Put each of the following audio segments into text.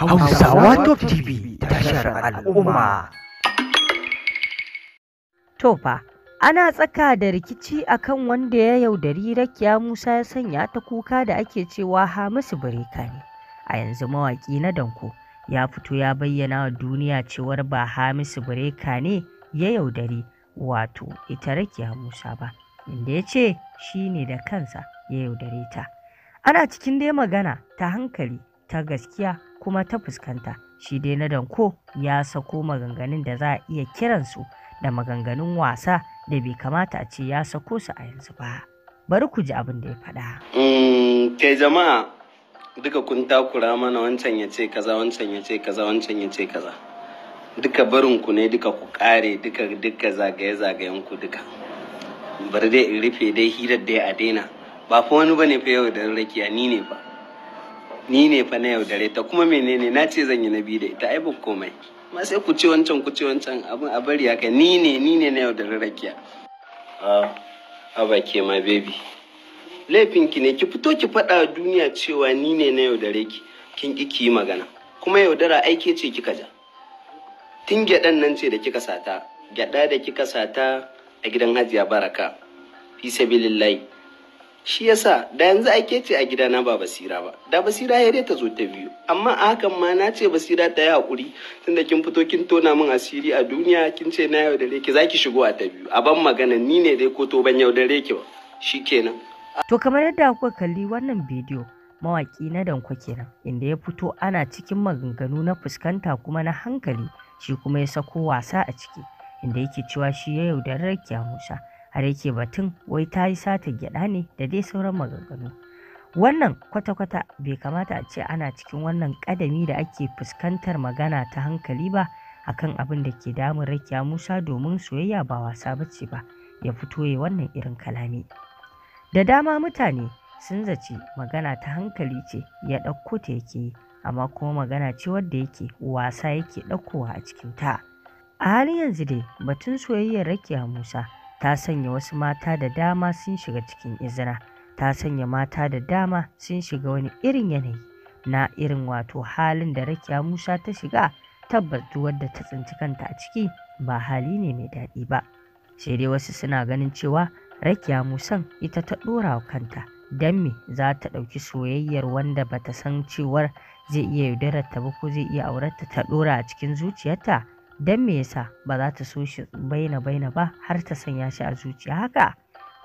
Hausawa Top TV tashar al'umma. Tofa ana tsaka da rikici akan wanda ya yaudari Rakiya Musa ya sanya ta kuka da ake cewa Hamisu Bireka ne. A yanzu mawaƙi na Danko ya fito ya bayyana wa duniya cewar ba Hamisu Bireka ne ya yaudari wato ita Rakiya Musa ba, inda ya ce shi ne da kansa ya yaudare ta. Ana cikin dai magana ta hankali ta gaskiya kuma ta fuskanta shi dai na danko ya sako maganganun da za a iya kiransu da maganganun wasa da bai kamata a ce ya sako su a yanzu ba bari ku ji abin da ya faɗa. kai mm, jama'a duka kun takura mana wancan ya ce kaza wancan ya ce kaza wancan ya ce kaza duka barin ku ne duka ku kare duka duka zagaye zagayen ku duka bari dai in rufe dai hirar dai a daina ba fa wani bane fa yau da rakiya ni ne ba ni ne fa na yaudare ta kuma menene na ce zan yi na biyu da ita ai ba komai amma sai ku ce wancan ku ce wancan abin a bari haka ni ne ni ne na yaudare rakiya a ba ke ma baby laifin ki ne ki fito ki faɗa duniya cewa ni ne na yaudare ki kin ki ki magana kuma yaudara aike ce kika ja tun gyaɗan nan ce da kika sata gyaɗa da kika sata a gidan hajiya baraka fi sabilillahi shi yasa da yanzu ake ce a gidana ba basira ba da basira ya dai ta zo ta biyu amma a hakan ma na ce basira ta yi hakuri tunda kin fito kin tona min asiri a duniya kin ce na yau dare ki zaki shigo a ta biyu a ban magana ni ne dai ko to ban yau dare ki ba shikenan to kamar yadda kuka kalli wannan bidiyo mawaki na danko kenan inda ya fito ana cikin maganganu na fuskanta kuma na hankali shi kuma ya sako wasa a ciki inda yake cewa shi ya yaudarar kyamusa har yake batun wai ta yi satin gyaɗa ne da dai sauran maganganu wannan kwata-kwata bai kamata a ce ana cikin wannan ƙadami da ake fuskantar magana ta hankali ba akan abin da ke damun rakiya musa domin soyayya ba wasa ba ce ba ya fito ya wannan irin kalami da dama mutane sun zaci magana ta hankali ce ya ɗauko ta yake yi amma kuma magana ce wadda yake wasa yake ɗaukowa a cikin ta a halin yanzu dai batun soyayyar rakiya musa ta sanya wasu mata da dama sun shiga cikin izina ta sanya mata da dama sun shiga wani irin yanayi na irin wato halin da rakiya musa ta shiga tabbas da ta tsinci kanta a ciki ba hali ne mai daɗi ba sai dai wasu suna ganin cewa rakiya musan ita ta ɗora wa kanta don me za ta ɗauki soyayyar wanda bata san cewar zai iya yaudararta ba ko zai iya aurarta ta ɗora a cikin zuciyarta Don me yasa ba za ta so shi baina baina ba har ta sanya shi a zuciya haka?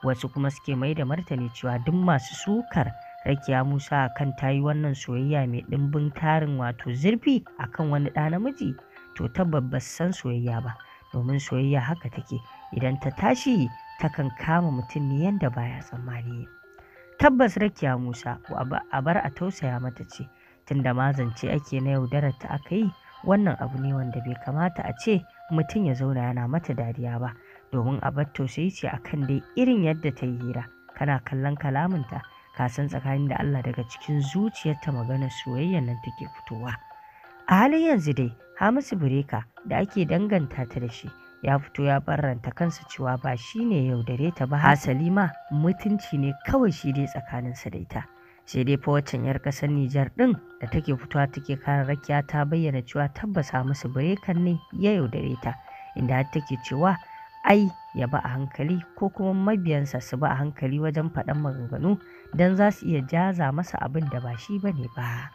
Wasu kuma suke mai da martani cewa duk masu sukar Rakiya Musa akan ta yi wannan soyayya mai ɗimbin tarin wato zurfi akan wani ɗa namiji to tabbas san soyayya ba domin soyayya haka take idan ta tashi takan kama mutum ne yadda baya tsammani. Tabbas Rakiya Musa a bar a tausaya mata ce tunda mazance ake na yaudarar ta aka yi Wannan abu ne wanda bai kamata a ce mutum ya zauna yana mata dariya ba, domin a bar tausayi ce a kan dai irin yadda ta yi hira. Kana kallon kalamunta ka san tsakanin da Allah daga cikin zuciyarta maganar soyayya nan take fitowa. A halin yanzu dai, Hamisu Bireka da ake danganta ta da shi, ya fito ya barranta kansa cewa ba shi ne yaudare ta ba hasali ma mutunci ne kawai shi dai tsakaninsa da ita. sai dai fa waccan 'yar ƙasar Nijar ɗin da take fitowa take kare rakiya ta bayyana cewa tabbasa musu birekan ne ya yaudare ta inda har take cewa ai ya ba a hankali ko kuma mabiyansa su ba a hankali wajen faɗan maganganu don za su iya jaza masa abin da ba shi ba ne ba.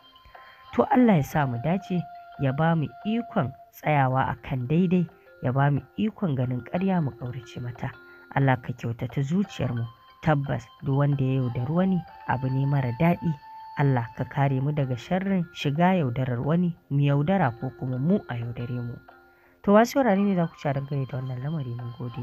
To Allah ya sa mu dace ya ba mu ikon tsayawa a kan daidai ya ba mu ikon ganin ƙarya mu ƙaurace mata. Allah ka kyautata zuciyarmu. Tabbas duk wanda ya yaudari wani abu ne mara daɗi. Allah ka kare mu daga sharrin shiga yaudarar wani mu yaudara ko kuma mu a yaudare mu. To wasu wurare ne za ku ci a da wannan lamari mun gode.